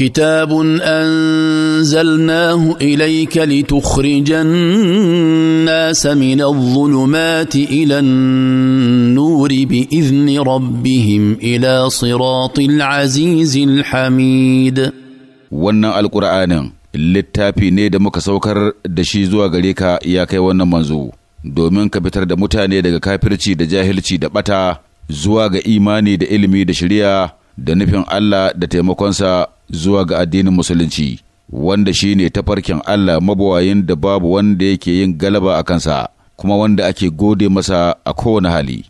كتاب انزلناه اليك لتخرج الناس من الظلمات الى النور باذن ربهم الى صراط العزيز الحميد wannan alkur'anin littafi ne da muka saukar da shi zuwa gare ka ya kai wannan manzo domin ka fitar da mutane daga kafirci da jahilci da bata zuwa ga imani da ilimi da shari'a da nufin Allah da taimakonsa zuwa ga addinin musulunci wanda shi shine tafarkin Allah mabawayin da babu wanda yake yin galaba a kansa kuma wanda ake gode masa a kowane hali